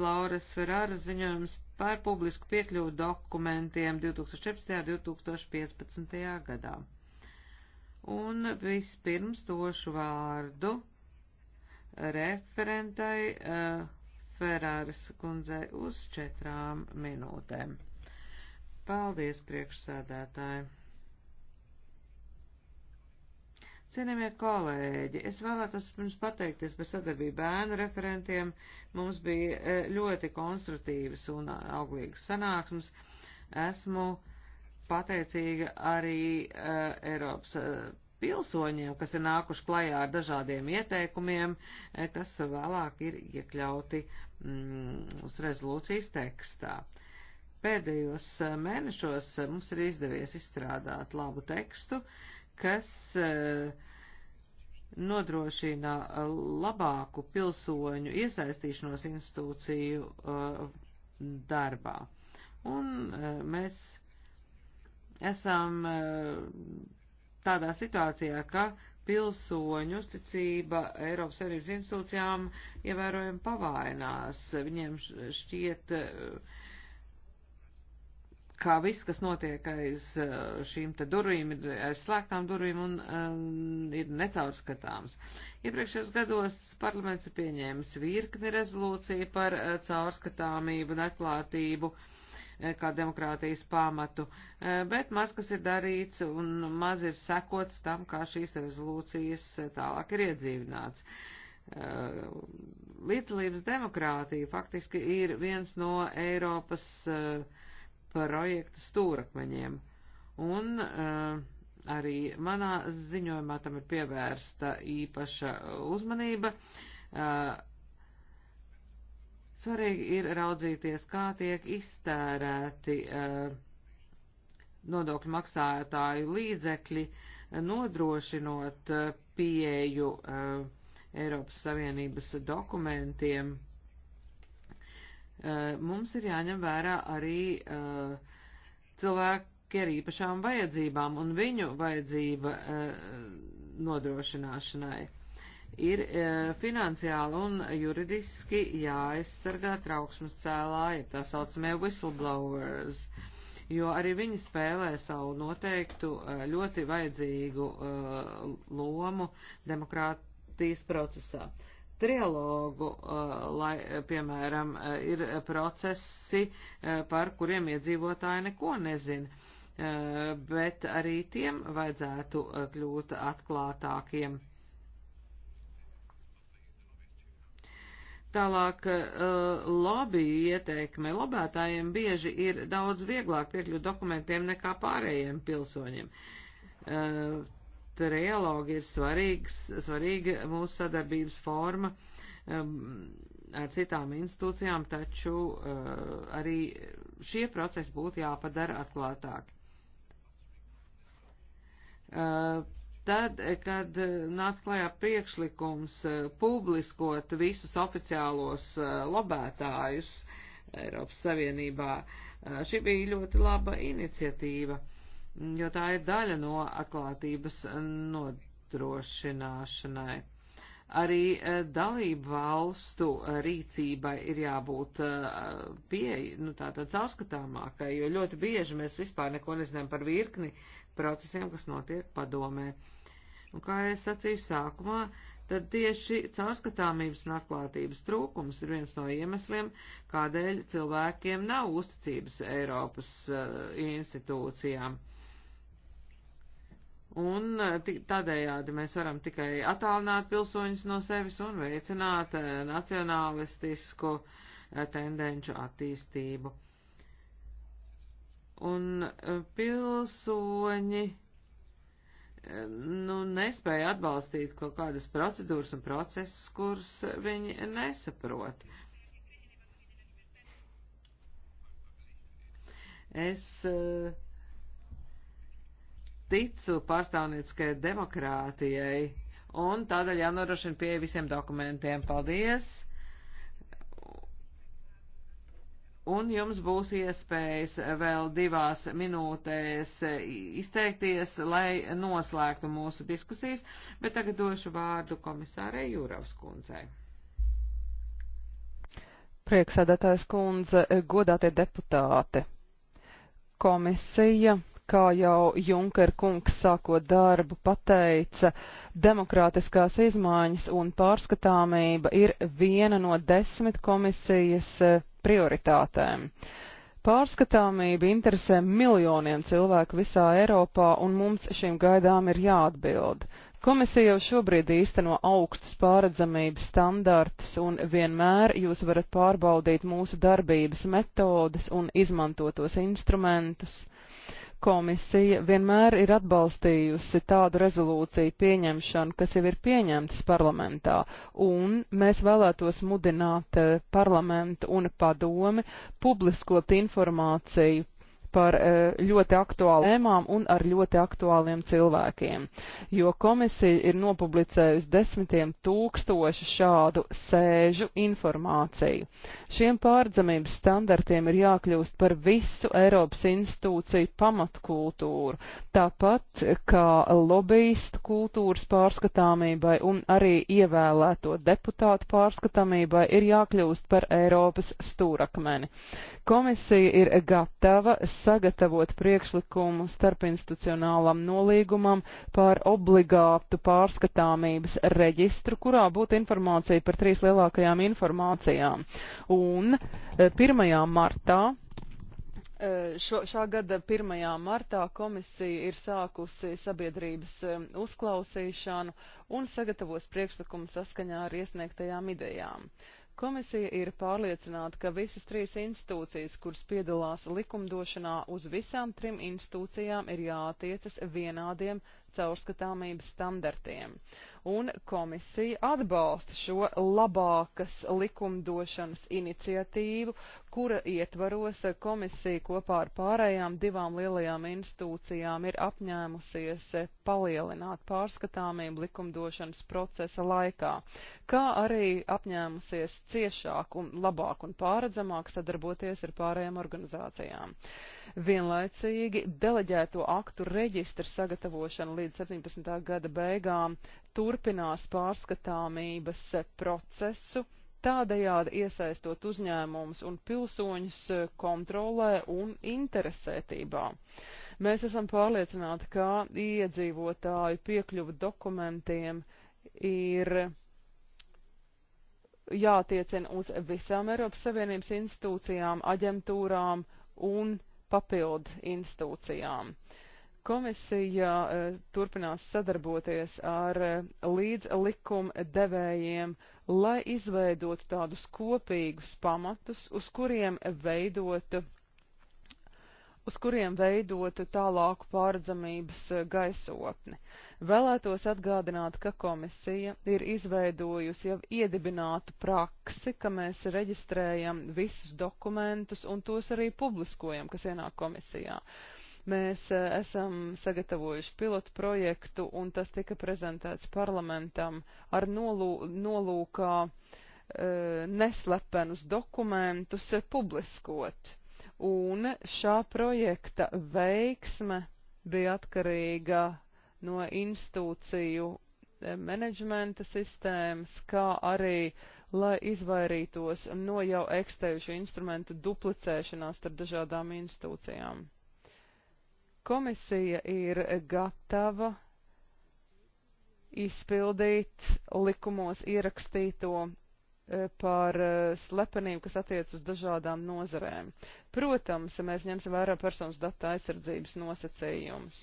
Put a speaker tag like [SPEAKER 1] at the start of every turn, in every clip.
[SPEAKER 1] Flauras Ferrara ziņojums par publisku piekļuvu dokumentiem 2014. un 2015. gadā. Un vispirms došu vārdu referentai uh, eh, Ferāras kundzei uz četrām minūtēm. Paldies, priekšsēdētāji! Cienījamie kolēģi, es vēlētos pirms pateikties par sadarbību bērnu referentiem. Mums bija e, ļoti konstruktīvas un auglīgas sanāksmes. Esmu pateicīga arī uh, Eiropas uh, pilsoņiem, kas ir nākuši klajā ar dažādiem ieteikumiem, kas vēlāk ir iekļauti mm, uz rezolūcijas tekstā. Pēdējos mēnešos mums ir izdevies izstrādāt labu tekstu. Uh, kas e, nodrošina labāku pilsoņu iesaistīšanos institūciju e, darbā. Un e, mēs esam tādā situācijā, ka pilsoņu uzticība Eiropas Savienības institūcijām ievērojami pavainās. Viņiem šķiet uh, kā viss, kas notiek aiz eh, šīm te durvīm, ir aiz slēgtām durvīm un um, ir necaurskatāms. Iepriekšējos gados parlaments ir pieņēmis virkni rezolūciju par uh, caurskatāmību un atklātību uh, kā demokrātijas pamatu, uh, bet maz kas ir darīts un maz ir sekots tam, kā šīs rezolūcijas tālāk ir iedzīvināts. Līdzdalības demokrātija faktiski ir viens no Eiropas uh, projekta stūrakmeņiem. Un uh, arī manā ziņojumā tam ir pievērsta īpaša uzmanība. Uh, svarīgi ir raudzīties, kā tiek iztērēti uh, nodokļu maksātāju līdzekļi, nodrošinot pieeju Eiropas Savienības dokumentiem Eh, mums ir jāņem vērā arī eh, cilvēki ar īpašām vajadzībām un viņu vajadzība eh, nodrošināšanai. Ir finansiāli un juridiski jāaizsargā trauksmes cēlāji, tā saucamie whistleblowers jo arī viņi spēlē savu noteiktu ļoti vajadzīgu uh, lomu demokrātijas procesā trialogu, lai, piemēram, ir procesi, par kuriem iedzīvotāji neko nezina, bet arī tiem vajadzētu kļūt atklātākiem. Tālāk, lobby ieteikme lobētājiem bieži ir daudz vieglāk piekļūt dokumentiem nekā pārējiem pilsoņiem trialogi ir svarīgs, svarīga mūsu sadarbības forma um, ar citām institūcijām, taču uh, arī šie procesi būtu jāpadara atklātāk. Uh, tad, kad nāca klajā priekšlikums uh, publiskot visus oficiālos uh, lobētājus Eiropas Savienībā, uh, šī bija ļoti laba iniciatīva jo tā ir daļa no atklātības nodrošināšanai. Arī eh, dalību valstu rīcībai ir jābūt eh, pieeja, nu tātad caurskatāmākai, jo ļoti bieži mēs vispār neko nezinām par virkni procesiem, kas notiek padomē. Un kā es sacīju sākumā, tad tieši caurskatāmības un atklātības trūkums ir viens no iemesliem, kādēļ cilvēkiem nav uzticības Eiropas uh, institūcijām. Un e, tādējādi mēs varam tikai attālināt pilsoņus no sevis un veicināt e, nacionālistisku e, tendenču attīstību. Un pilsoņi nu, nespēja atbalstīt kaut kādas procedūras un procesus, kurus viņi nesaprot. Es uh, ticu pārstāvnieciskai demokrātijai, un tādēļ jānorošina pie visiem dokumentiem. Paldies! Un jums būs iespējas vēl divās minūtēs izteikties, lai noslēgtu mūsu diskusijas, bet tagad došu vārdu komisārei Jūravas kundzei.
[SPEAKER 2] Prieksēdētājs kundze, godātie deputāti, komisija kā jau Junker kungs sākot darbu pateica, demokrātiskās izmaiņas un pārskatāmība ir viena no desmit komisijas eh, prioritātēm. Pārskatāmība interesē miljoniem cilvēku visā Eiropā, un mums šīm gaidām ir jāatbild. Komisija jau šobrīd īsteno augstus pāredzamības standartus, un vienmēr jūs varat pārbaudīt mūsu darbības metodas un izmantotos instrumentus komisija vienmēr ir atbalstījusi tādu rezolūciju pieņemšanu, kas jau ir pieņemtas parlamentā, un mēs vēlētos mudināt eh, parlamentu un padomi publiskot informāciju par e, ļoti aktuālām tēmām un ar ļoti aktuāliem cilvēkiem, jo komisija ir nopublicējusi desmitiem tūkstošu šādu sēžu informāciju. Šiem pārdzamības standartiem ir jākļūst par visu Eiropas institūciju pamatkultūru, tāpat kā lobbyistu kultūras pārskatāmībai un arī ievēlēto deputātu pārskatāmībai ir jākļūst par Eiropas stūrakmeni. Komisija ir gatava sagatavot priekšlikumu starpinstitucionālam nolīgumam par obligātu pārskatāmības reģistru, kurā būtu informācija par trīs lielākajām informācijām. Un 1. E, martā e, Šo, šā gada 1. martā komisija ir sākusi sabiedrības e, uzklausīšanu un sagatavos priekšlikumu saskaņā ar iesniegtajām idejām. Uh, Komisija ir pārliecināta, ka visas trīs institūcijas, kuras piedalās likumdošanā, uz visām trim institūcijām ir jātiecas vienādiem caurskatāmības standartiem. Un komisija atbalsta šo labākas likumdošanas iniciatīvu, kura ietvaros komisija kopā ar pārējām divām lielajām institūcijām ir apņēmusies palielināt pārskatāmību likumdošanas procesa laikā, kā arī apņēmusies ciešāk un labāk un pāredzamāk sadarboties ar pārējām organizācijām. Vienlaicīgi deleģēto aktu reģistra sagatavošana līdz 17. gada beigām turpinās pārskatāmības procesu, tādējādi iesaistot uzņēmumus un pilsoņus kontrolē un interesētībā. Mēs esam pārliecināti, ka iedzīvotāju piekļuva dokumentiem ir jātiecina uz visām Eiropas Savienības institūcijām, aģentūrām un papildu institūcijām. Uh, Komisija eh, turpinās sadarboties ar eh, līdzlikumdevējiem, lai izveidotu tādus kopīgus pamatus, uz kuriem veidotu uz kuriem veidot tālāku pārdzamības eh, gaisotni. Vēlētos atgādināt, ka komisija ir izveidojusi jau iedibinātu praksi, ka mēs reģistrējam visus dokumentus un tos arī publiskojam, kas ienāk komisijā. Uh, Mēs eh, esam sagatavojuši pilotu projektu, un tas tika prezentēts parlamentam ar nolū, nolūkā eh, neslepenus dokumentus eh, publiskot. Un šā projekta veiksme bija atkarīga no institūciju menedžmenta sistēmas, kā arī, lai izvairītos no jau ekstējušu instrumentu duplicēšanās starp dažādām institūcijām. Komisija ir gatava izpildīt likumos ierakstīto e, par e, slepenību, kas attiec uz dažādām nozarēm. Protams, mēs ņemsim vērā personas data aizsardzības nosacījumus,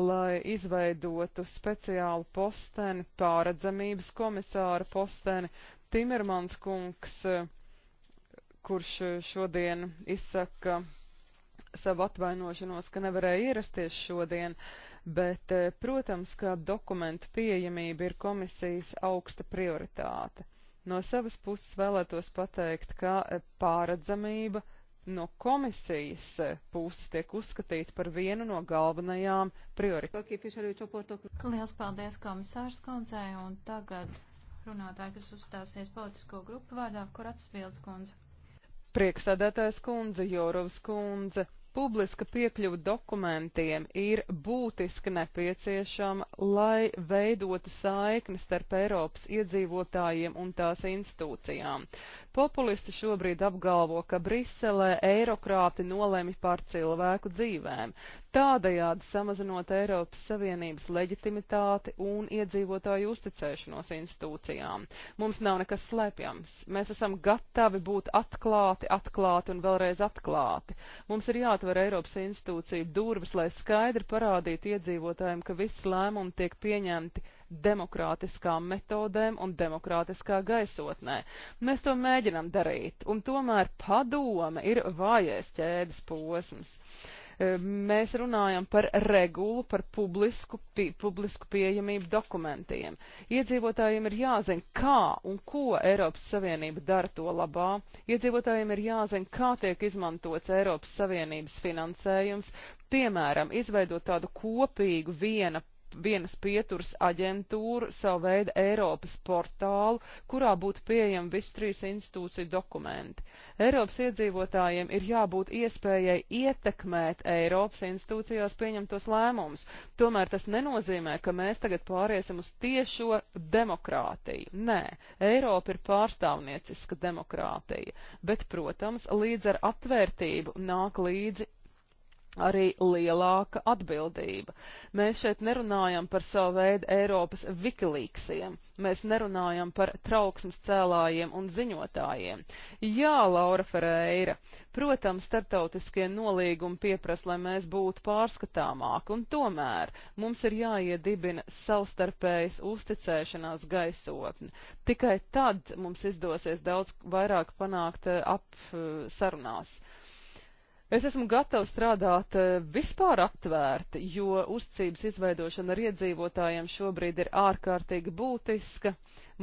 [SPEAKER 2] lai izveidotu speciālu posteni, pāredzamības komisāra posteni. Timermans kungs, e, kurš šodien izsaka savu atvainošanos, ka nevarēja ierasties šodien, bet, eh, protams, ka dokumentu pieejamība ir komisijas augsta prioritāte. No savas puses vēlētos pateikt, ka eh, pāredzamība no komisijas eh, puses tiek uzskatīta par vienu no galvenajām
[SPEAKER 3] prioritātēm. Lielas paldies komisārs kundzei un tagad runātāji, kas uzstāsies politisko grupu vārdā, kur atsvildes kundze.
[SPEAKER 2] Prieksēdētājs kundze, Jorovs kundze, publiska piekļuva dokumentiem ir būtiski nepieciešama, lai veidotu saikni starp Eiropas iedzīvotājiem un tās institūcijām. Populisti šobrīd apgalvo, ka Briselē eirokrāti nolemi pār cilvēku dzīvēm, tādējādi samazinot Eiropas Savienības leģitimitāti un iedzīvotāju uzticēšanos institūcijām. Mums nav nekas slēpjams. Mēs esam gatavi būt atklāti, atklāti un vēlreiz atklāti. Mums ir jāatver Eiropas institūciju durvis, lai skaidri parādītu iedzīvotājiem, ka viss lēmumi tiek pieņemti demokrātiskām metodēm un demokrātiskā gaisotnē. Mēs to mēģinam darīt, un tomēr padome ir vājais ķēdes posms. E, mēs runājam par regulu, par publisku, pi, publisku pieejamību dokumentiem. Iedzīvotājiem ir jāzina, kā un ko Eiropas Savienība dara to labā. Iedzīvotājiem ir jāzina, kā tiek izmantots Eiropas Savienības finansējums, piemēram, izveidot tādu kopīgu viena vienas pieturas aģentūru, savu veidu Eiropas portālu, kurā būtu pieejami visu trīs institūciju dokumenti. Eiropas iedzīvotājiem ir jābūt iespējai ietekmēt Eiropas institūcijās pieņemtos lēmumus. Tomēr tas nenozīmē, ka mēs tagad pāriesim uz tiešo demokrātiju. Nē, Eiropa ir pārstāvnieciska demokrātija, bet, protams, līdz ar atvērtību nāk līdzi arī lielāka atbildība. Mēs šeit nerunājam par savu veidu Eiropas vikilīksiem, mēs nerunājam par trauksmes cēlājiem un ziņotājiem. Jā, Laura Ferreira, protams, startautiskie nolīgumi pieprasa, lai mēs būtu pārskatāmāki, un tomēr mums ir jāiedibina savstarpējas uzticēšanās gaisotni. Tikai tad mums izdosies daudz vairāk panākt eh, ap eh, sarunās. Uh, Es esmu gatava strādāt eh, vispār aptvērti, jo uzticības izveidošana ar iedzīvotājiem šobrīd ir ārkārtīgi būtiska.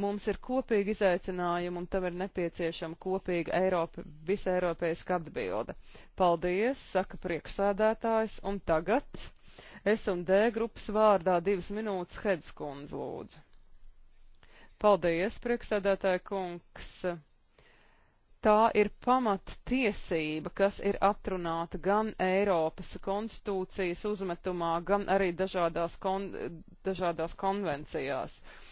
[SPEAKER 2] Mums ir kopīgi izaicinājumi un tam ir nepieciešama kopīga Eiropa, visa Eiropeiska atbilde. Paldies, saka prieksēdētājs, un tagad S un D grupas vārdā divas minūtes Hedskundz lūdzu. Paldies, prieksēdētāja kungs. Tā ir pamat tiesība, kas ir atrunāta gan Eiropas konstitūcijas uzmetumā, gan arī dažādās, kon dažādās konvencijās. Uh,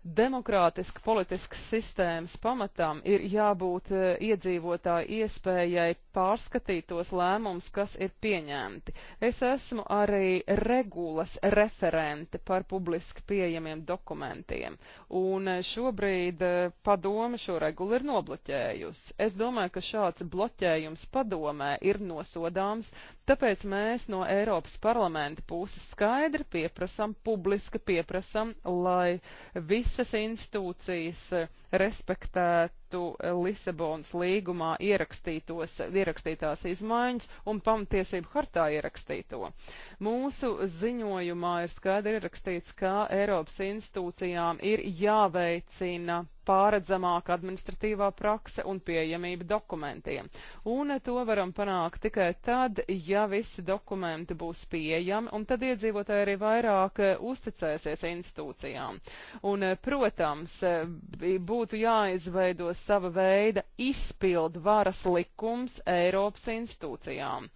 [SPEAKER 2] demokrātiska politiskas sistēmas pamatam ir jābūt e, iedzīvotāju iespējai pārskatīt tos lēmumus, kas ir pieņemti. Es esmu arī regulas referente par publiski pieejamiem dokumentiem, un e, šobrīd e, padome šo regulu ir nobloķējusi. Es domāju, ka šāds bloķējums padomē ir nosodāms, tāpēc mēs no Eiropas parlamenta puses skaidri pieprasam, publiski pieprasam, lai visi visas institūcijas eh, respektēt ievērotu Lisabonas līgumā ierakstītās izmaiņas un pamatiesību hartā ierakstīto. Mūsu ziņojumā ir skaidri ierakstīts, ka Eiropas institūcijām ir jāveicina pāredzamāka administratīvā prakse un pieejamība dokumentiem. Un to varam panākt tikai tad, ja visi dokumenti būs pieejami, un tad iedzīvotāji arī vairāk eh, uzticēsies institūcijām. Un, eh, protams, eh, būtu jāizveido sava veida izpildu varas likums Eiropas institūcijām.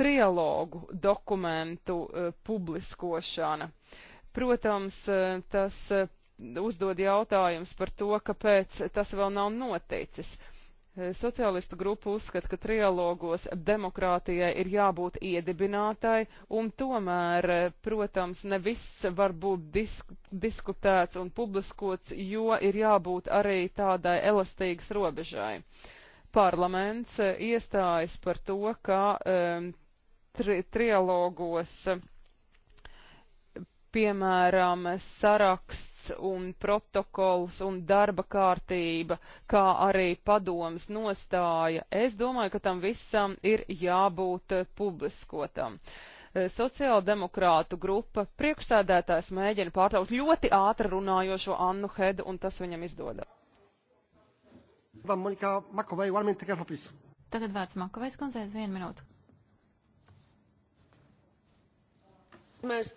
[SPEAKER 2] Trialogu dokumentu uh, publiskošana. Protams, uh, tas uh, uzdod jautājums par to, kāpēc tas vēl nav noticis. Uh, Socialistu grupa uzskata, ka trialogos demokrātijai ir jābūt iedibinātai, un tomēr, protams, ne viss var būt disk diskutēts un publiskots, jo ir jābūt arī tādai elastīgas robežai. Parlaments iestājas par to, ka um, tri trialogos uh, piemēram, saraksts un protokols un darba kārtība, kā arī padomas nostāja, es domāju, ka tam visam ir jābūt publiskotam. Sociāldemokrātu grupa priekšsēdētājs mēģina pārtraukt ļoti ātri runājošo Annu Hedu,
[SPEAKER 3] un tas viņam izdodas. Tagad vārds Makovais kundzēs vienu minūtu. Mēs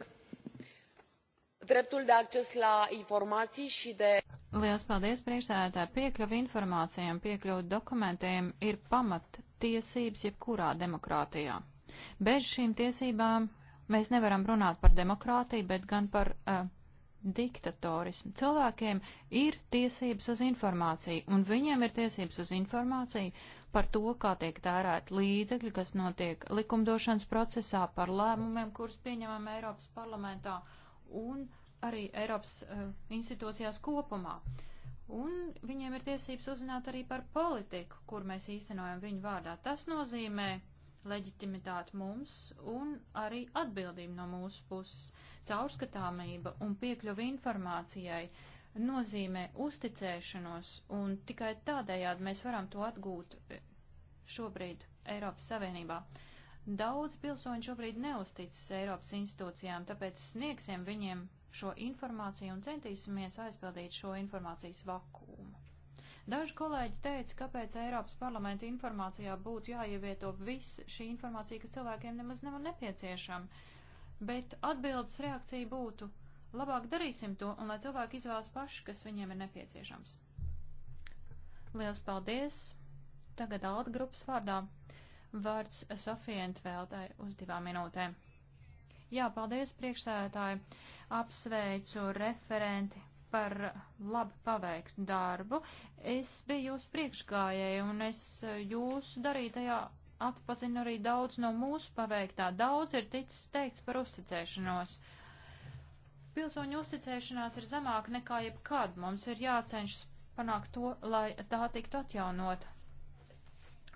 [SPEAKER 3] dreptul de acces la informații și de. Liels paldies priekšsēdētāji. Piekļuva informācijai un piekļuva dokumentiem ir pamat tiesības jebkurā demokrātijā. Bez šīm tiesībām mēs nevaram runāt par demokrātiju, bet gan par uh, diktatorismu. Cilvēkiem ir tiesības uz informāciju, un viņiem ir tiesības uz informāciju par to, kā tiek tērēt līdzekļi, kas notiek likumdošanas procesā, par lēmumiem, kurus pieņemam Eiropas parlamentā. Uh, un arī Eiropas uh, institūcijās kopumā. Un viņiem ir tiesības uzzināt arī par politiku, kur mēs īstenojam viņu vārdā. Tas nozīmē leģitimitāti mums un arī atbildību no mūsu puses. Caurskatāmība un piekļuva informācijai nozīmē uzticēšanos, un tikai tādējādi mēs varam to atgūt eh, šobrīd Eiropas Savienībā. Uh, Daudz pilsoņu šobrīd neusticas Eiropas institūcijām, tāpēc sniegsim viņiem šo informāciju un centīsimies aizpildīt šo informācijas vakumu. Daži kolēģi teica, kāpēc Eiropas parlamenta informācijā būtu jāievieto viss šī informācija, kas cilvēkiem nemaz nav nepieciešama, bet atbildes reakcija būtu labāk darīsim to, un lai cilvēki izvēlas paši, kas viņiem ir nepieciešams. Liels paldies! Tagad Alda grupas vārdā Vārds Sofija Entveldai uz divām minūtēm. Jā, paldies priekšsētāji. Apsveicu referenti par labi paveiktu darbu. Es biju jūsu priekšgājēji un es jūsu darītajā atpazinu arī daudz no mūsu paveiktā. Daudz ir ticis teikts par uzticēšanos. Pilsoņu uzticēšanās ir zemāka nekā jebkad. Mums ir jācenšas panākt to, lai tā tiktu atjaunot.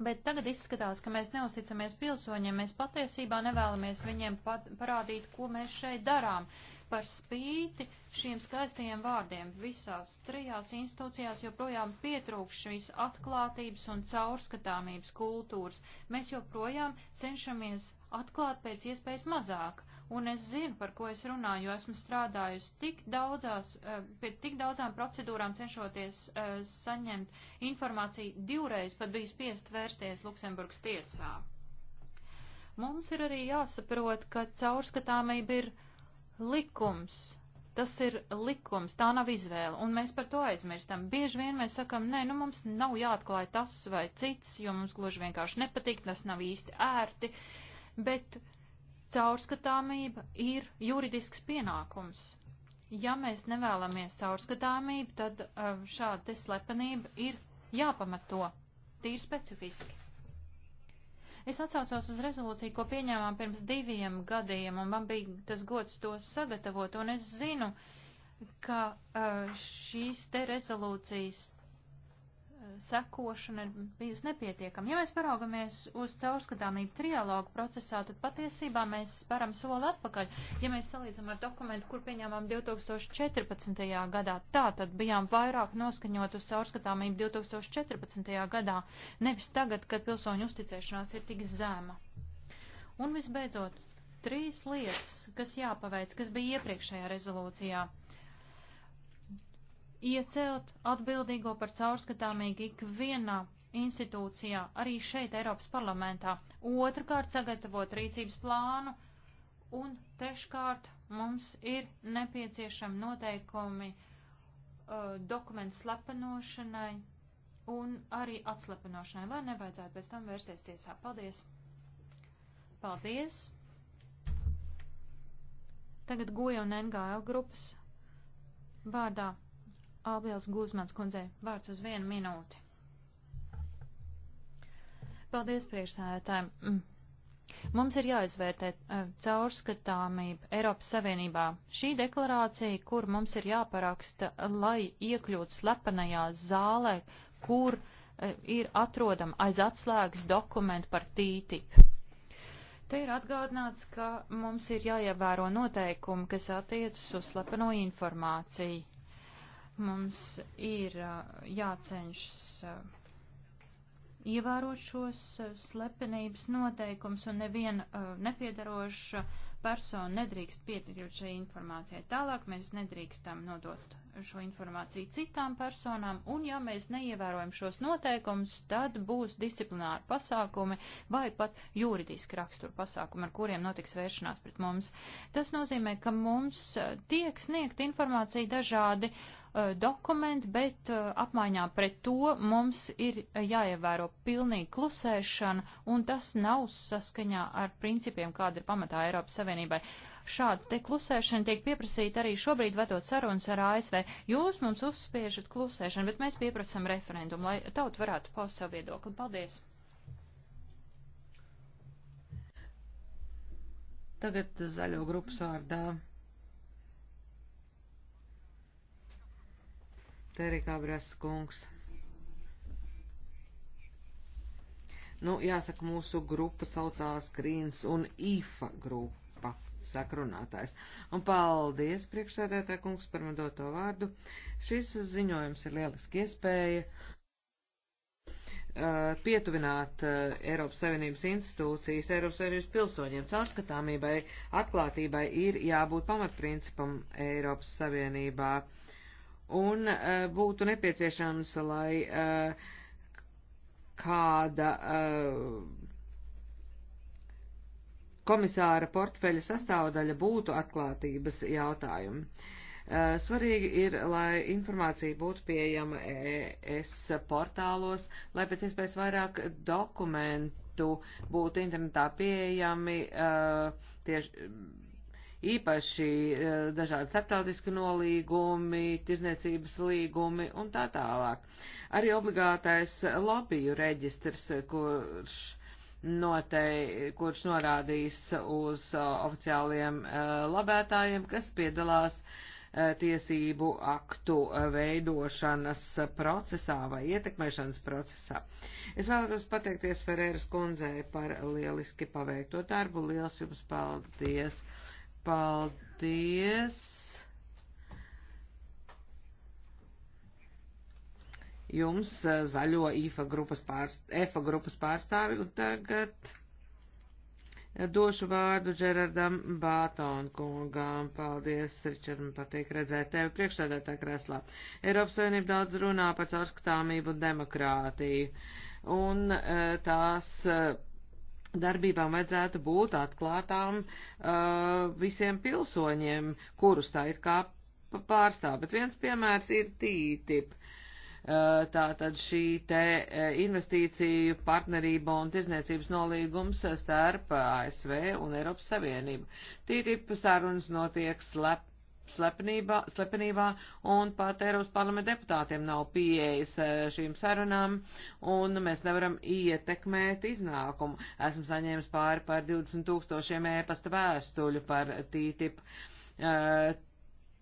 [SPEAKER 3] Bet tagad izskatās, ka mēs neusticamies pilsoņiem, mēs patiesībā nevēlamies viņiem pat parādīt, ko mēs šeit darām. Par spīti šiem skaistajiem vārdiem visās trijās institūcijās joprojām pietrūkst šīs atklātības un caurskatāmības kultūras. Mēs joprojām cenšamies atklāt pēc iespējas mazāk un es zinu, par ko es runāju, jo esmu strādājusi tik daudzās, eh, pie tik daudzām procedūrām cenšoties eh, saņemt informāciju divreiz, pat biju spiest vērsties Luksemburgas tiesā. Mums ir arī jāsaprot, ka caurskatāmība ir likums, tas ir likums, tā nav izvēle, un mēs par to aizmirstam. Bieži vien mēs sakam, nē, nu mums nav jāatklāj tas vai cits, jo mums gluži vienkārši nepatīk, tas nav īsti ērti, bet Caurskatāmība ir juridisks pienākums. Ja mēs nevēlamies caurskatāmību, tad eh, šāda te slepenība ir jāpamato tīri specifiski. Es atsaucos uz rezolūciju, ko pieņēmām pirms diviem gadiem, un man bija tas gods to sagatavot, un es zinu, ka eh, šīs te rezolūcijas sekošana ir bijusi nepietiekama. Ja mēs paraugamies uz caurskatāmību trialogu procesā, tad patiesībā mēs sparam soli atpakaļ. Ja mēs salīdzam ar dokumentu, kur pieņēmām 2014. gadā, tā tad bijām vairāk noskaņot uz caurskatāmību 2014. gadā, nevis tagad, kad pilsoņu uzticēšanās ir tik zema. Un visbeidzot, trīs lietas, kas jāpaveic, kas bija iepriekšējā rezolūcijā iecelt atbildīgo par caurskatāmīgi ikvienā institūcijā, arī šeit Eiropas parlamentā. Otrakārt sagatavot rīcības plānu un treškārt mums ir nepieciešami noteikumi uh, dokumentu slepenošanai un arī atslepenošanai, lai nevajadzētu pēc tam vērsties tiesā. Paldies! Paldies! Tagad goja un NGL grupas vārdā Albielas Guzmans kundzei vārds uz vienu minūti. Paldies priekšsēdētājiem. Mm. Mums ir jāizvērtē eh, caurskatāmība Eiropas Savienībā. Šī deklarācija, kur mums ir jāparaksta, lai iekļūtu slepenajā zālē, kur eh, ir atrodama aiz atslēgas dokumentu par TTIP. Te ir atgādināts, ka mums ir jāievēro noteikumi, kas attiecas uz slepeno informāciju. Mums ir jācenšas ievērot šos slepenības noteikums un neviena uh, nepiedaroša persona nedrīkst piekļūt šai informācijai. Tālāk mēs nedrīkstam nodot šo informāciju citām personām, un ja mēs neievērojam šos noteikumus, tad būs disciplināri pasākumi vai pat juridiski rakstura pasākumi, ar kuriem notiks vēršanās pret mums. Tas nozīmē, ka mums tiek sniegt informācija dažādi uh, Eh, dokumenti, bet eh, apmaiņā pret to mums ir eh, jāievēro pilnīgi klusēšana, un tas nav saskaņā ar principiem, kāda ir pamatā Eiropas Savienībai. Šāds te klusēšana tiek pieprasīta arī šobrīd vedot sarunas ar ASV. Jūs mums uzspiežat klusēšanu, bet mēs pieprasam referendumu, lai tauta varētu paust savu viedokli. Paldies!
[SPEAKER 1] Tagad zaļo grupas vārdā. Terikā Breskungs. Nu, jāsaka, mūsu grupa saucās Grīns un IFA grupa, saka runātājs. Un paldies, priekšsēdētā kungs, par man doto vārdu. Šis ziņojums ir lieliski iespēja uh, pietuvināt uh, Eiropas Savienības institūcijas, Eiropas Savienības pilsoņiem. Caurskatāmībai, atklātībai ir jābūt pamatprincipam Eiropas Savienībā. Uh, un uh, būtu nepieciešams, lai uh, kāda uh, komisāra portfeļa sastāvdaļa būtu atklātības jautājumi. Uh, svarīgi ir, lai informācija būtu pieejama ES portālos, lai pēc iespējas vairāk dokumentu būtu internetā pieejami uh, tieši īpaši eh, dažādi starptautiski nolīgumi, tirzniecības līgumi un tā tālāk. Arī obligātais lobiju reģistrs, kurš, notei, kurš norādīs uz eh, oficiāliem eh, labētājiem, kas piedalās tiesību aktu veidošanas procesā vai ietekmēšanas procesā. Es vēlētos pateikties Ferēras kundzei par lieliski paveikto darbu. Liels jums paldies! Paldies! Jums eh, zaļo IFA grupas, pārst, EFA grupas pārstāvi un tagad eh, došu vārdu Džerardam Bātonkungam. Paldies, Ričard, man patīk redzēt tevi priekšsēdētā kreslā. Eiropas Savienība daudz runā par caurskatāmību un demokrātiju. Un eh, tās darbībām vajadzētu būt atklātām uh, visiem pilsoņiem, kurus tā it kā pārstāv. Bet viens piemērs ir TTIP. Uh, Tātad šī te uh, investīciju partnerība un tirzniecības nolīgums starp ASV un Eiropas Savienību. TTIP sarunas notiek slep slepenībā, slepenībā un pat Eiropas parlamenta deputātiem nav pieejas eh, šīm sarunām un mēs nevaram ietekmēt iznākumu. Esmu saņēmis pāri par 20 tūkstošiem ēpasta vēstuļu par TTIP. Uh,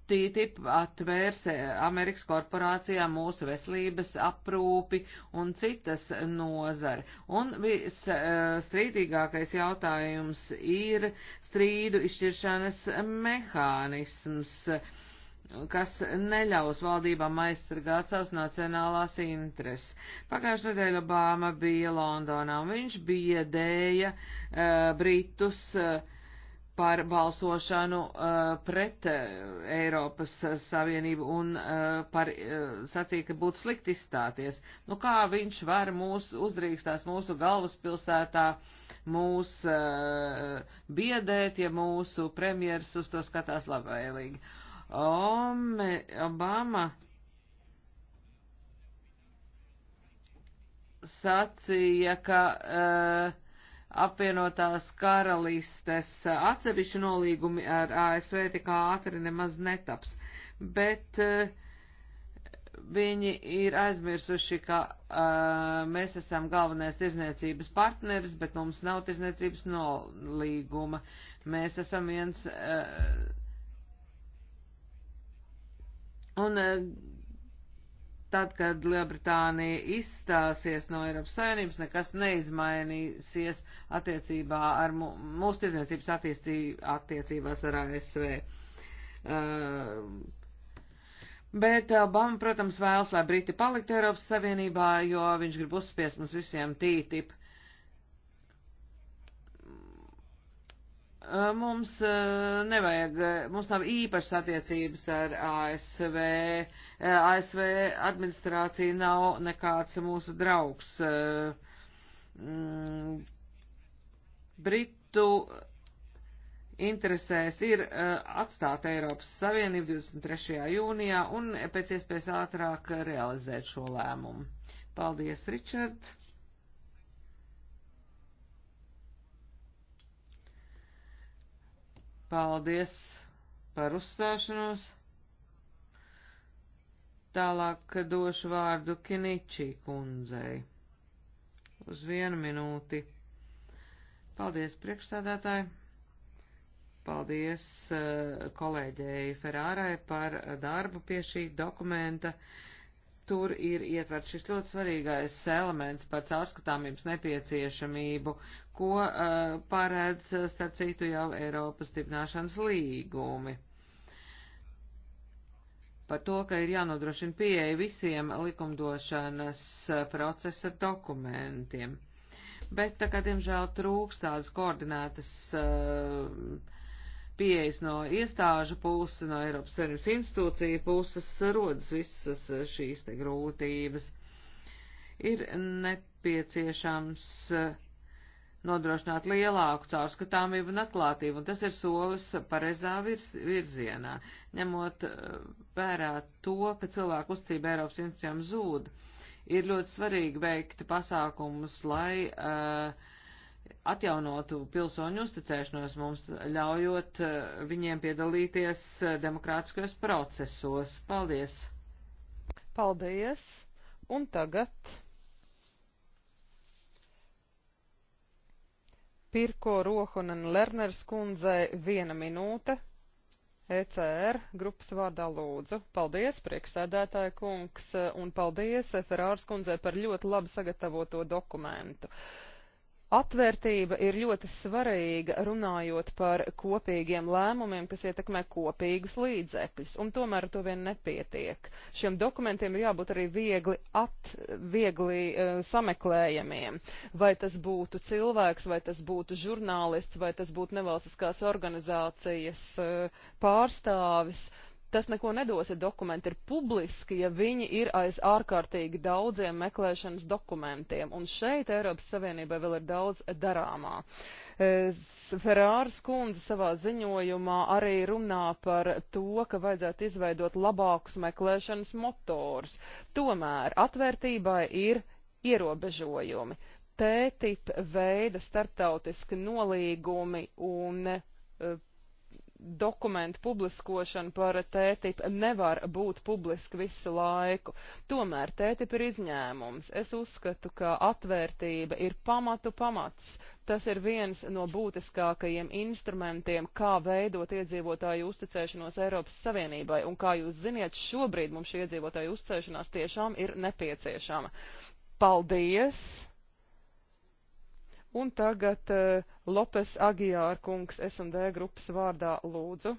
[SPEAKER 1] TTIP atvērs eh, Amerikas korporācijām mūsu veselības aprūpi un citas nozari. Un visstrīdīgākais eh, jautājums ir strīdu izšķiršanas mehānisms kas neļaus valdībām aizsargāt savas nacionālās intereses. Pagājušajā nedēļā Obama bija Londonā, un viņš biedēja uh, Britus uh, par balsošanu uh, pret uh, Eiropas Savienību un uh, par, uh, sacīja, ka būtu slikti izstāties. Nu kā viņš var mūs uzdrīkstās mūsu galvaspilsētā mūs uh, biedēt, ja mūsu premjers uz to skatās labvēlīgi. Ome, Obama sacīja, ka uh, apvienotās karalistes atsevišķi nolīgumi ar ASV tik ātri nemaz netaps, bet uh, viņi ir aizmirsuši, ka uh, mēs esam galvenais tirzniecības partneris, bet mums nav tirzniecības nolīguma. Mēs esam viens. Uh, un uh, tad, kad Lielbritānija izstāsies no Eiropas Savienības, nekas neizmainīsies attiecībā ar mūsu tirdzniecības attiecībās ar ASV. Uh, bet Obama, protams, vēlas, lai Briti paliktu Eiropas Savienībā, jo viņš grib uzspiest mums visiem tītipu Mums nevajag, mums nav īpašas attiecības ar ASV. ASV administrācija nav nekāds mūsu draugs. Mm, Britu interesēs ir atstāt Eiropas Savienību 23. jūnijā un pēc iespējas ātrāk realizēt šo lēmumu. Paldies, Ričard! Paldies par uzstāšanos. Tālāk došu vārdu Kiničī kundzei. Uz vienu minūti. Paldies, priekšstādātāji. Paldies eh, kolēģei Ferārai par darbu pie šī dokumenta. Uh, tur ir ietverts šis ļoti svarīgais elements par caurskatāmības nepieciešamību, ko uh, paredz, eh, starp citu, jau Eiropas stiprināšanas līgumi. Par to, ka ir jānodrošina pieeja visiem likumdošanas eh, procesa dokumentiem. Bet tā kā, diemžēl, trūkst tādas koordinētas uh, pieejas no iestāžu puses, no Eiropas Savienības institūcija puses rodas visas eh, šīs te grūtības. Ir nepieciešams eh, nodrošināt lielāku caurskatāmību un atklātību, un tas ir solis pareizā virs, virzienā, ņemot eh, vērā to, ka cilvēku uzticība Eiropas institūcijām zūd. Ir ļoti svarīgi veikt pasākumus, lai uh, atjaunotu pilsoņu uzticēšanos mums, ļaujot eh, viņiem piedalīties eh, demokrātiskajos procesos. Paldies!
[SPEAKER 2] Paldies! Un tagad Pirko Rohonen Lerners kundzei viena minūte. ECR grupas vārdā lūdzu. Paldies, prieksēdētāja kungs, un paldies Ferārs kundzei par ļoti labi sagatavoto dokumentu. Uh, Atvērtība ir ļoti svarīga runājot par kopīgiem lēmumiem, kas ietekmē kopīgus līdzekļus, un tomēr to vien nepietiek. Šiem dokumentiem ir jābūt arī viegli, at, viegli uh, sameklējamiem. Vai tas būtu cilvēks, vai tas būtu žurnālists, vai tas būtu nevalstiskās organizācijas uh, pārstāvis, Tas neko nedos, ja dokumenti ir publiski, ja viņi ir aiz ārkārtīgi daudziem meklēšanas dokumentiem. Un šeit Eiropas Savienībai vēl ir daudz darāmā. Ferārs kundze savā ziņojumā arī runā par to, ka vajadzētu izveidot labākus meklēšanas motors. Tomēr atvērtībai ir ierobežojumi. T-tip veida starptautiski nolīgumi un uh, dokumentu publiskošana par tētip nevar būt publiska visu laiku. Tomēr tētip ir izņēmums. Es uzskatu, ka atvērtība ir pamatu pamats. Tas ir viens no būtiskākajiem instrumentiem, kā veidot iedzīvotāju uzticēšanos Eiropas Savienībai. Un kā jūs ziniet, šobrīd mums šī iedzīvotāju uzticēšanās tiešām ir nepieciešama. Paldies! Un tagad eh, Lopes Agijārkungs S&D grupas vārdā lūdzu.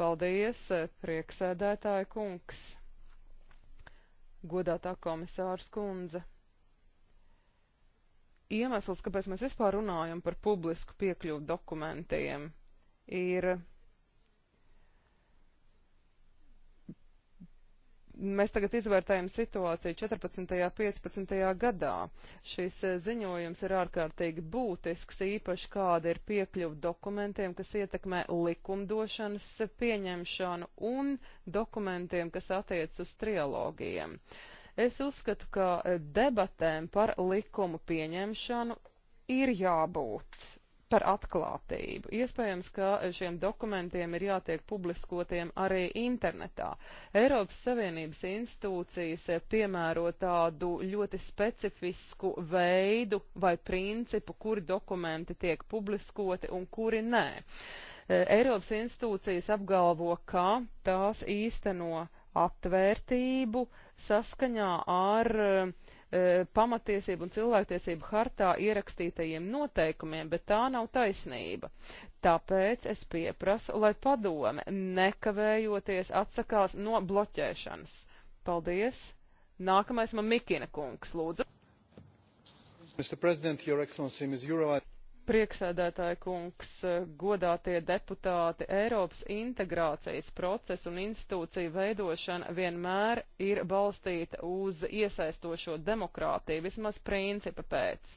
[SPEAKER 2] Paldies, eh, prieksēdētāja kungs, godātā komisārs kundze iemesls, kāpēc mēs vispār runājam par publisku piekļuvu dokumentiem, ir mēs tagad izvērtējam situāciju 14. un 15. gadā. Šis eh, ziņojums ir ārkārtīgi būtisks, īpaši kāda ir piekļuva dokumentiem, kas ietekmē likumdošanas pieņemšanu un dokumentiem, kas attiec uz trilogiem. Es uzskatu, ka eh, debatēm par likumu pieņemšanu ir jābūt par atklātību. Iespējams, ka šiem dokumentiem ir jātiek publiskotiem arī internetā. Eiropas Savienības institūcijas piemēro tādu ļoti specifisku veidu vai principu, kuri dokumenti tiek publiskoti un kuri nē. Eiropas institūcijas apgalvo, ka tās īsteno atvērtību saskaņā ar uh, E, pamatiesību un cilvēktiesību hartā ierakstītajiem noteikumiem, bet tā nav taisnība. Tāpēc es pieprasu, lai padome nekavējoties atsakās no bloķēšanas. Paldies! Nākamais man Mikina kungs, lūdzu.
[SPEAKER 3] Mr. President, Your Excellency, Ms. Jurova.
[SPEAKER 2] Prieksēdētāja kungs, godātie deputāti, Eiropas integrācijas process un institūcija veidošana vienmēr ir balstīta uz iesaistošo demokrātiju, vismaz principa pēc.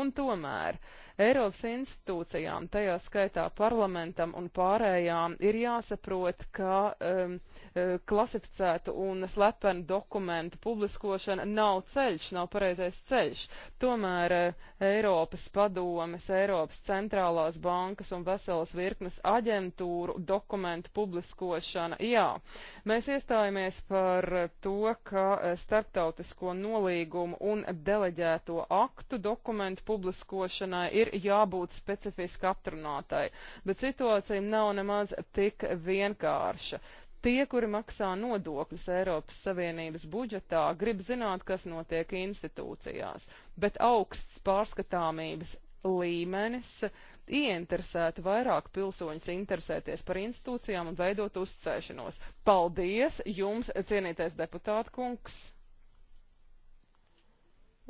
[SPEAKER 2] Un tomēr Eiropas institūcijām, tajā skaitā parlamentam un pārējām, ir jāsaprot, ka um, uh, klasificētu un slepenu dokumentu publiskošana nav ceļš, nav pareizais ceļš. Tomēr uh, Eiropas padomes Eiropas centrālās bankas un veselas virknes aģentūru dokumentu publiskošana. Jā, mēs iestājāmies par to, ka eh, starptautisko nolīgumu un deleģēto aktu dokumentu publiskošanai ir jābūt specifiski aptrunātai, bet situācija nav nemaz tik vienkārša. Tie, kuri maksā nodokļus Eiropas Savienības budžetā, grib zināt, kas notiek institūcijās, bet augsts pārskatāmības līmenis ieinteresēti vairāk pilsoņus interesēties par institūcijām un veidot uzticēšanos. Paldies jums, cienītais deputāta kungs!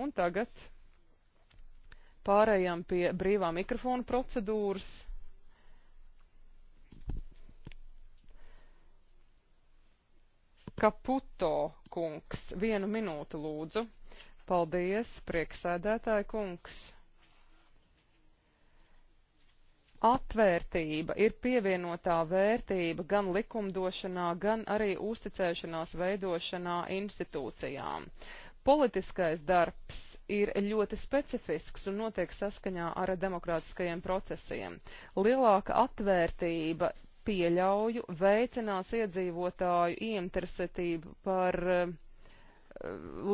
[SPEAKER 2] Un tagad pārējām pie brīvā mikrofona procedūras. Kaputo kungs, vienu minūtu lūdzu. Paldies, prieksēdētāja kungs atvērtība ir pievienotā vērtība gan likumdošanā, gan arī uzticēšanās veidošanā institūcijām. Politiskais darbs ir ļoti specifisks un notiek saskaņā ar demokrātiskajiem procesiem. Lielāka atvērtība pieļauju veicinās iedzīvotāju ieinteresētību par uh,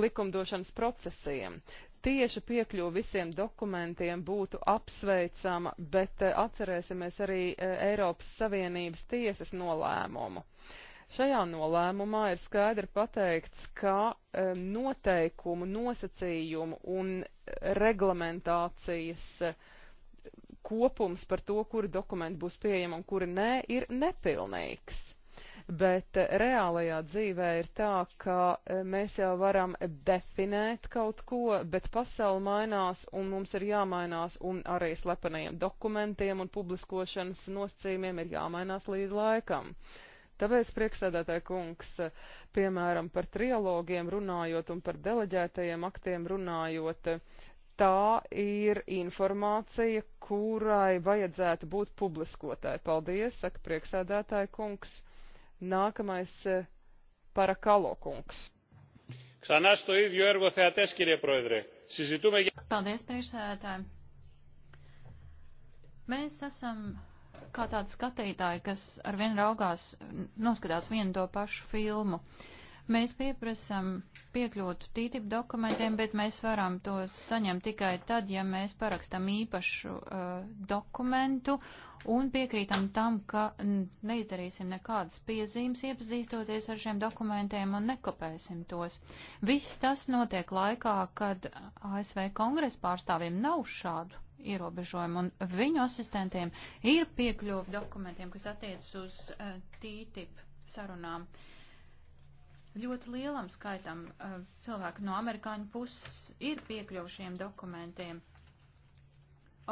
[SPEAKER 2] likumdošanas procesiem tieša piekļuva visiem dokumentiem būtu apsveicama, bet eh, atcerēsimies arī eh, Eiropas Savienības tiesas nolēmumu. Šajā nolēmumā ir skaidri pateikts, ka eh, noteikumu, nosacījumu un reglamentācijas kopums par to, kuri dokumenti būs pieejami un kuri nē, ir nepilnīgs bet eh, reālajā dzīvē ir tā, ka eh, mēs jau varam definēt kaut ko, bet pasauli mainās un mums ir jāmainās un arī slepenajiem dokumentiem un publiskošanas nosacījumiem ir jāmainās līdz laikam. Tāpēc, priekšsēdētāji kungs, piemēram, par trialogiem runājot un par deleģētajiem aktiem runājot, tā ir informācija, kurai vajadzētu būt publiskotai. Paldies, saka priekšsēdētāji kungs. Nākamais eh, parakalokungs.
[SPEAKER 4] Ξανά στο ίδιο έργο θεατές, κύριε Πρόεδρε. Συζητούμε για...
[SPEAKER 3] Paldies, priekšsēdētāji. Mēs esam kā tādi skatītāji, kas ar vienu raugās, noskatās vienu to pašu filmu. Uh, Mēs pieprasam piekļūt TTIP dokumentiem, bet mēs varam to saņemt tikai tad, ja mēs parakstam īpašu uh, dokumentu un piekrītam tam, ka neizdarīsim nekādas piezīmes, iepazīstoties ar šiem dokumentiem un nekopēsim tos. Viss tas notiek laikā, kad ASV kongresa pārstāvjiem nav šādu ierobežojumu, un viņu asistentiem ir piekļuvi dokumentiem, kas attiecas uz uh, TTIP sarunām. Uh, Ļoti lielam skaitam uh, eh, cilvēku no amerikāņu puses ir piekļuvušiem dokumentiem.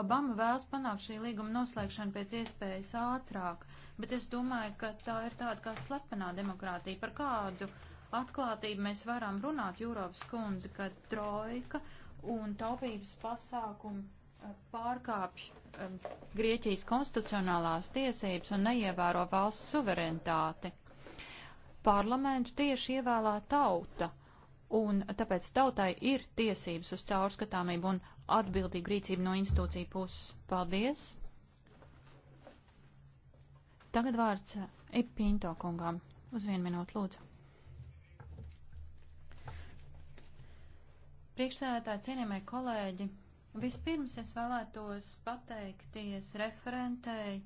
[SPEAKER 3] Obama vēlas panākt šī līguma noslēgšanu pēc iespējas ātrāk, bet es domāju, ka tā ir tāda kā slepenā demokrātija, par kādu atklātību mēs varam runāt Jūrovas kundze, ka trojka un taupības pasākumi eh, pārkāpj um, Grieķijas konstitucionālās tiesības un neievēro valsts suverenitāti. Parlamentu tieši ievēlē tauta, un tāpēc tautai ir tiesības uz caurskatāmību un atbildīgu rīcību no institūciju puses. Paldies! Tagad vārds Epinto kungām. Uz vienu minūtu lūdzu. Priekšsēdētāji, cienījamie kolēģi, vispirms es vēlētos pateikties referentei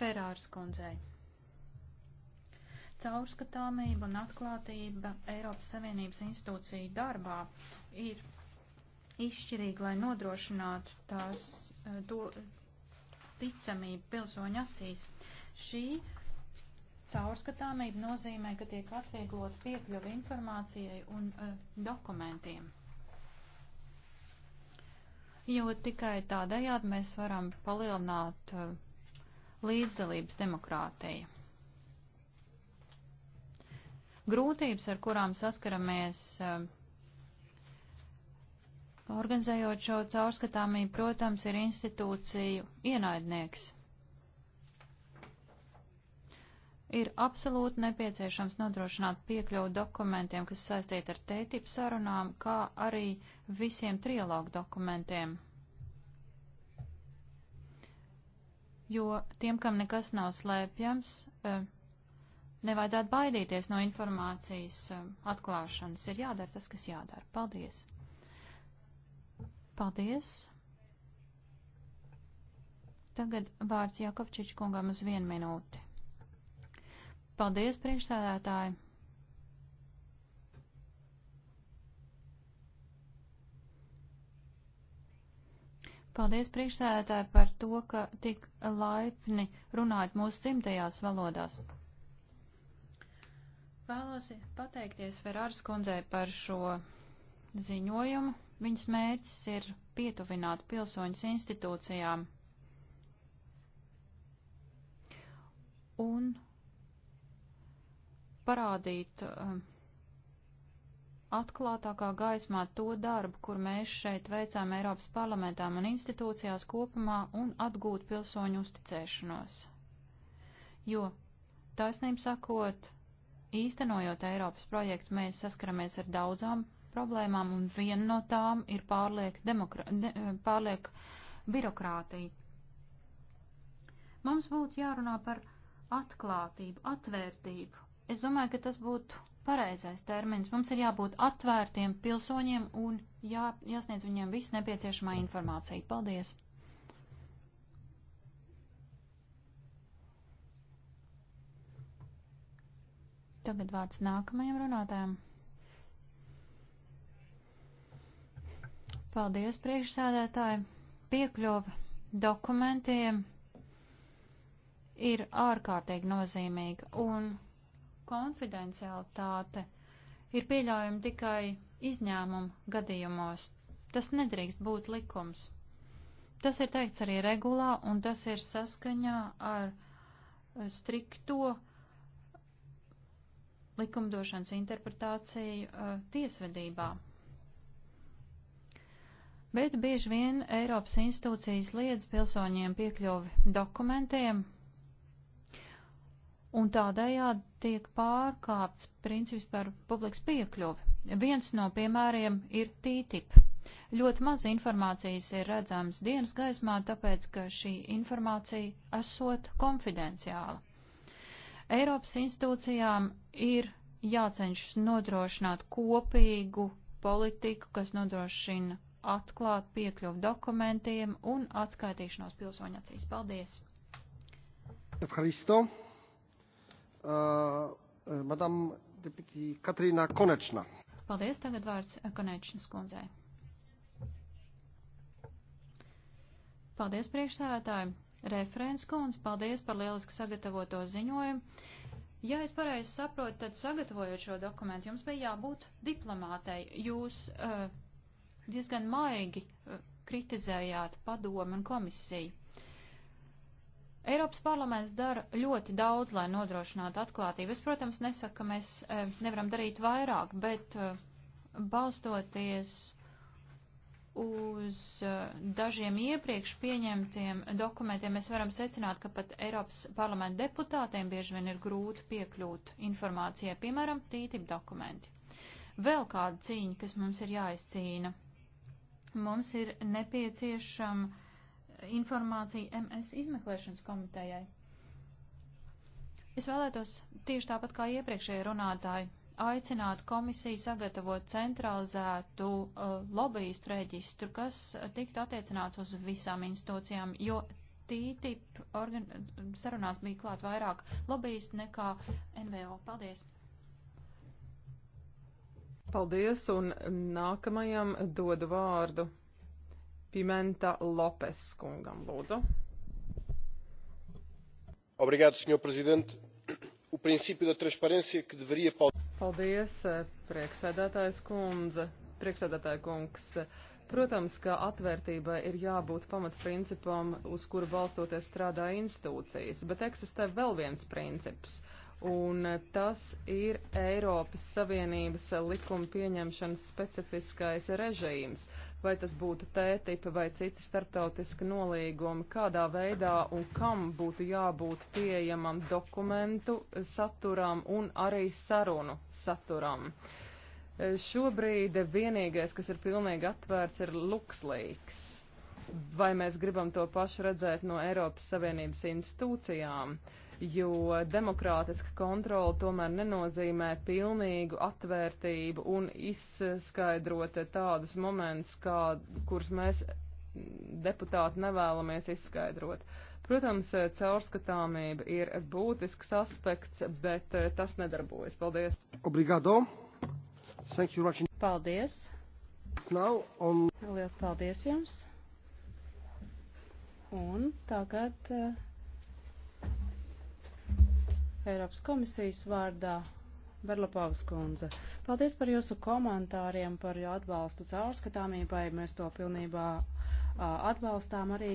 [SPEAKER 3] Ferārs kundzei. Caurskatāmība un atklātība Eiropas Savienības institūciju darbā ir izšķirīga, lai nodrošinātu tās eh, to ticamību pilsoņu acīs. Šī caurskatāmība nozīmē, ka tiek atvieglot piekļuvi informācijai un uh, dokumentiem. Jo tikai tādējādi mēs varam palielināt uh, līdzdalības demokrātiju grūtības, ar kurām saskaramies eh, Organizējot šo caurskatāmību, protams, ir institūciju ienaidnieks. Ir absolūti nepieciešams nodrošināt piekļuvu dokumentiem, kas saistīti ar tētību sarunām, kā arī visiem trialogu dokumentiem. Jo tiem, kam nekas nav slēpjams, eh, nevajadzētu baidīties no informācijas eh, atklāšanas. Ir jādara tas, kas jādara. Paldies! Paldies! Tagad vārds Jakobčič kungam uz vienu minūti. Paldies, priekšsēdētāji! Paldies priekšsēdētāji par to, ka tik laipni runājat mūsu dzimtajās valodās. Vēlos pateikties Ferāras kundzei par šo ziņojumu. Viņas mērķis ir pietuvināt pilsoņus institūcijām un parādīt eh, atklātākā gaismā to darbu, kur mēs šeit veicām Eiropas parlamentām un institūcijās kopumā un atgūt pilsoņu uzticēšanos. Jo, taisnība sakot, īstenojot Eiropas projektu, mēs saskaramies ar daudzām problēmām, un viena no tām ir pārliek, demokra, de, pārliek birokrātija. Mums būtu jārunā par atklātību, atvērtību. Es domāju, ka tas būtu pareizais termins. Mums ir jābūt atvērtiem pilsoņiem un jā, jāsniedz viņiem viss nepieciešamā informācija. Paldies! Tagad vārds nākamajam runātājam. Paldies, priekšsēdētāji. Piekļuva dokumentiem ir ārkārtīgi nozīmīga, un konfidencialitāte ir pieļaujama tikai izņēmumu gadījumos. Tas nedrīkst būt likums. Tas ir teikts arī regulā, un tas ir saskaņā ar strikto likumdošanas interpretāciju uh, tiesvedībā. Bet bieži vien Eiropas institūcijas liedz pilsoņiem piekļuvi dokumentiem, un tādējādi tiek pārkāpts princips par publikas piekļuvi. Viens no piemēriem ir TTIP. Ļoti maz informācijas ir redzams dienas gaismā, tāpēc, ka šī informācija esot konfidenciāla. Eiropas institūcijām ir jācenšas nodrošināt kopīgu politiku, kas nodrošina atklāt piekļuvu dokumentiem un atskaitīšanos pilsoņu acīs. Paldies!
[SPEAKER 4] Evharisto, uh, madam deputī Katrīna Konečna.
[SPEAKER 3] Paldies, tagad vārds Konečnas kundzei. Paldies, priekšsēdētāji! referents kundze, paldies par lieliski sagatavoto ziņojumu. Ja es pareizi saprotu, tad sagatavojot šo dokumentu, jums bija jābūt diplomātei. Jūs uh, diezgan maigi uh, kritizējāt padomu un komisiju. Eiropas parlaments dara ļoti daudz, lai nodrošinātu atklātību. Es, protams, nesaku, ka mēs e, nevaram darīt vairāk, bet e, balstoties uz eh, dažiem iepriekš pieņemtiem dokumentiem mēs varam secināt, ka pat Eiropas parlamenta deputātiem bieži vien ir grūti piekļūt informācijai, piemēram, tītip dokumenti. Vēl kāda cīņa, kas mums ir jāizcīna. Mums ir nepieciešama informācija MS izmeklēšanas komitejai. Es vēlētos tieši tāpat kā iepriekšēji runātāji aicināt komisiju sagatavot centralizētu uh, lobbyistu reģistru, kas tiktu attiecināts uz visām institūcijām, jo TTIP organ... sarunās bija klāt vairāk lobbyistu nekā NVO. Paldies!
[SPEAKER 2] Paldies, un nākamajam dodu vārdu Pimenta Lopes kungam, lūdzu.
[SPEAKER 3] Obrigado, senhor presidente. O princípio da transparência que deveria pautar
[SPEAKER 2] Paldies, eh, prieksēdētājs kundze, prieksēdētāja kungs. Protams, ka atvērtībai ir jābūt pamatprincipam, uz kuru balstoties strādā institūcijas, bet eksistē vēl viens princips, un tas ir Eiropas Savienības likuma pieņemšanas specifiskais režīms vai tas būtu tētipa vai citi starptautiski nolīgumi, kādā veidā un kam būtu jābūt pieejamam dokumentu saturam un arī sarunu saturam. E, šobrīd vienīgais, kas ir pilnīgi atvērts, ir lukslīgs. Vai mēs gribam to pašu redzēt no Eiropas Savienības institūcijām? Uh, jo demokrātiska kontrola tomēr nenozīmē pilnīgu atvērtību un izskaidrot tādus momentus, kā, kurus mēs mm, deputāti nevēlamies izskaidrot. Protams, caurskatāmība ir būtisks aspekts, bet eh, tas nedarbojas. Paldies!
[SPEAKER 4] Obrigado! Thank you much. Paldies! Now on... Um, Liels paldies jums! Un tagad uh, Eiropas komisijas vārdā Berlapovas kundze. Paldies par jūsu komentāriem, par jūsu atbalstu caurskatāmībai. Mēs to pilnībā atbalstām arī.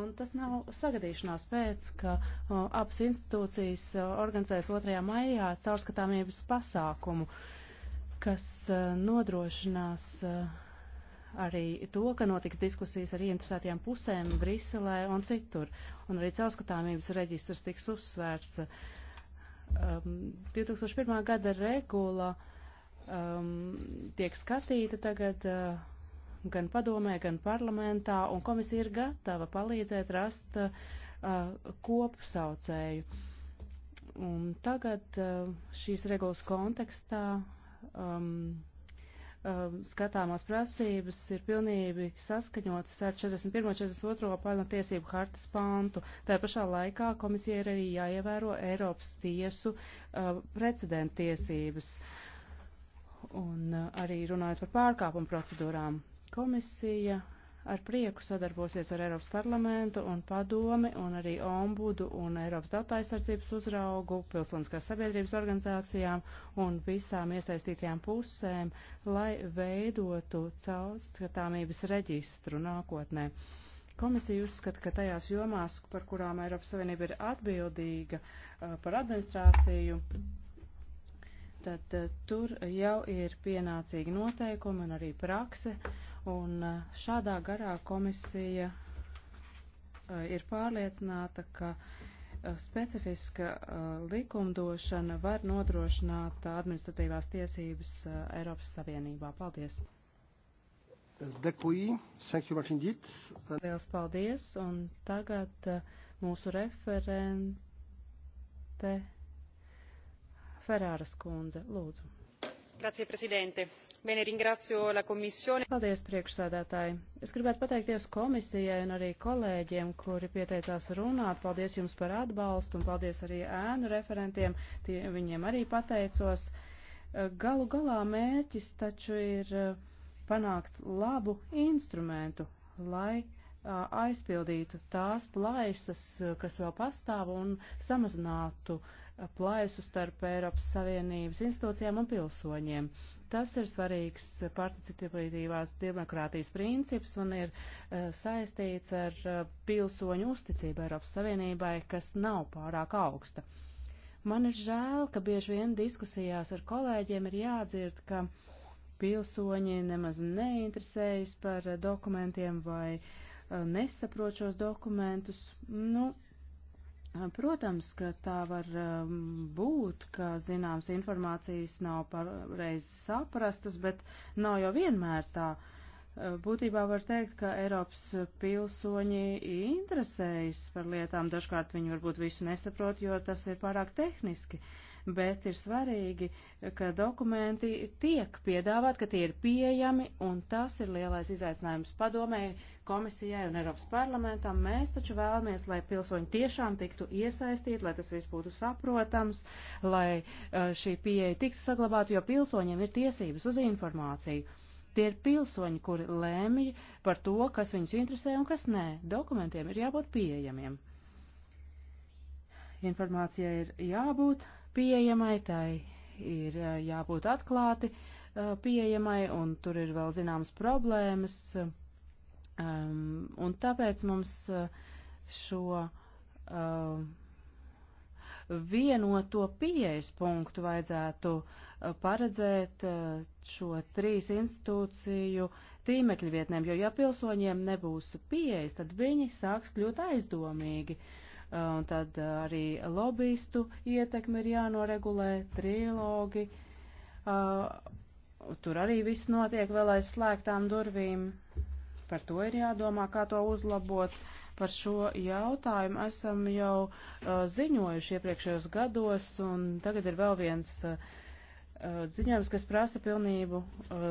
[SPEAKER 4] Un tas nav sagadīšanās pēc, ka o, abas institūcijas organizēs 2. maijā caurskatāmības pasākumu, kas nodrošinās. O, arī to, ka notiks diskusijas ar ieinteresētajām pusēm Briselē un citur. Un arī caurskatāmības reģistrs tiks uzsvērts. Um, 2001. gada regula um, tiek skatīta tagad uh, gan padomē, gan parlamentā, un komisija ir gatava palīdzēt rast uh, kopsaucēju. Un tagad uh, šīs regulas kontekstā um, Um, skatāmās prasības ir pilnīgi saskaņotas ar 41. 42. pārnu tiesību hartas pantu. Tā pašā laikā komisija ir arī jāievēro Eiropas tiesu uh, precedenta tiesības un uh, arī runājot par pārkāpumu procedūrām. Komisija ar prieku sadarbosies ar Eiropas parlamentu un padomi un arī ombudu un Eiropas datu aizsardzības uzraugu, pilsoniskās sabiedrības organizācijām un visām iesaistītajām pusēm, lai veidotu caurskatāmības reģistru nākotnē. Komisija uzskata, ka tajās jomās, par kurām Eiropas Savienība ir atbildīga par administrāciju, tad tur jau ir pienācīgi noteikumi un arī prakse. Uh, Un šādā garā komisija ir pārliecināta, ka specifiska likumdošana var nodrošināt administratīvās tiesības Eiropas Savienībā. Paldies! Dekuji, thank you much indeed. Liels paldies, un tagad mūsu referente Ferāras kundze, lūdzu. Grazie, prezidente. Bene, ringrazio la Commissione. Paldies, priekšsēdētāji. Es gribētu pateikties komisijai un arī kolēģiem, kuri pieteicās runāt. Paldies jums par atbalstu un paldies arī ēnu referentiem. Tie, viņiem arī pateicos. Eh, galu galā mērķis taču ir eh, panākt labu instrumentu, lai eh, aizpildītu tās plaisas, kas vēl pastāv un samazinātu uh, plaisu starp Eiropas Savienības institūcijām un pilsoņiem. Tas ir svarīgs participatīvās demokrātijas princips un ir uh, saistīts ar uh, pilsoņu uzticību Eiropas Savienībai, kas nav pārāk augsta. Man ir žēl, ka bieži vien diskusijās ar kolēģiem ir jādzird, ka pilsoņi nemaz neinteresējas par eh, dokumentiem vai nesaprot šos dokumentus. Nu, Protams, ka tā var būt, ka zināms informācijas nav pareizi saprastas, bet nav jau vienmēr tā. Uh, Eh, būtībā var teikt, ka Eiropas pilsoņi interesējas par lietām, dažkārt viņi varbūt visu nesaprot, jo tas ir pārāk tehniski, bet ir svarīgi, ka dokumenti tiek piedāvāt, ka tie ir pieejami, un tas ir lielais izaicinājums padomēji, komisijai un Eiropas parlamentam. Mēs taču vēlamies, lai pilsoņi tiešām tiktu iesaistīti, lai tas viss būtu saprotams, lai eh, šī pieeja tiktu saglabāta, jo pilsoņiem ir tiesības uz informāciju Tie ir pilsoņi, kuri lēmj par to, kas viņus interesē un kas nē. Dokumentiem ir jābūt pieejamiem. Informācija ir jābūt pieejamai, tai ir jābūt atklāti pieejamai, un tur ir vēl zināmas problēmas. Um, un tāpēc mums šo um, vienoto pieejas punktu vajadzētu eh, paredzēt eh, šo trīs institūciju tīmekļu vietnēm, jo ja pilsoņiem nebūs pieejas, tad viņi sāks kļūt aizdomīgi. Eh, un tad arī lobbyistu ietekmi ir jānoregulē, trilogi. Tur arī viss notiek vēl aiz slēgtām durvīm. Par to ir jādomā, kā to uzlabot. Uh, Par šo jautājumu esam jau uh, ziņojuši iepriekšējos gados, un tagad ir vēl viens uh, uh ziņojums, kas prasa pilnību. Uh,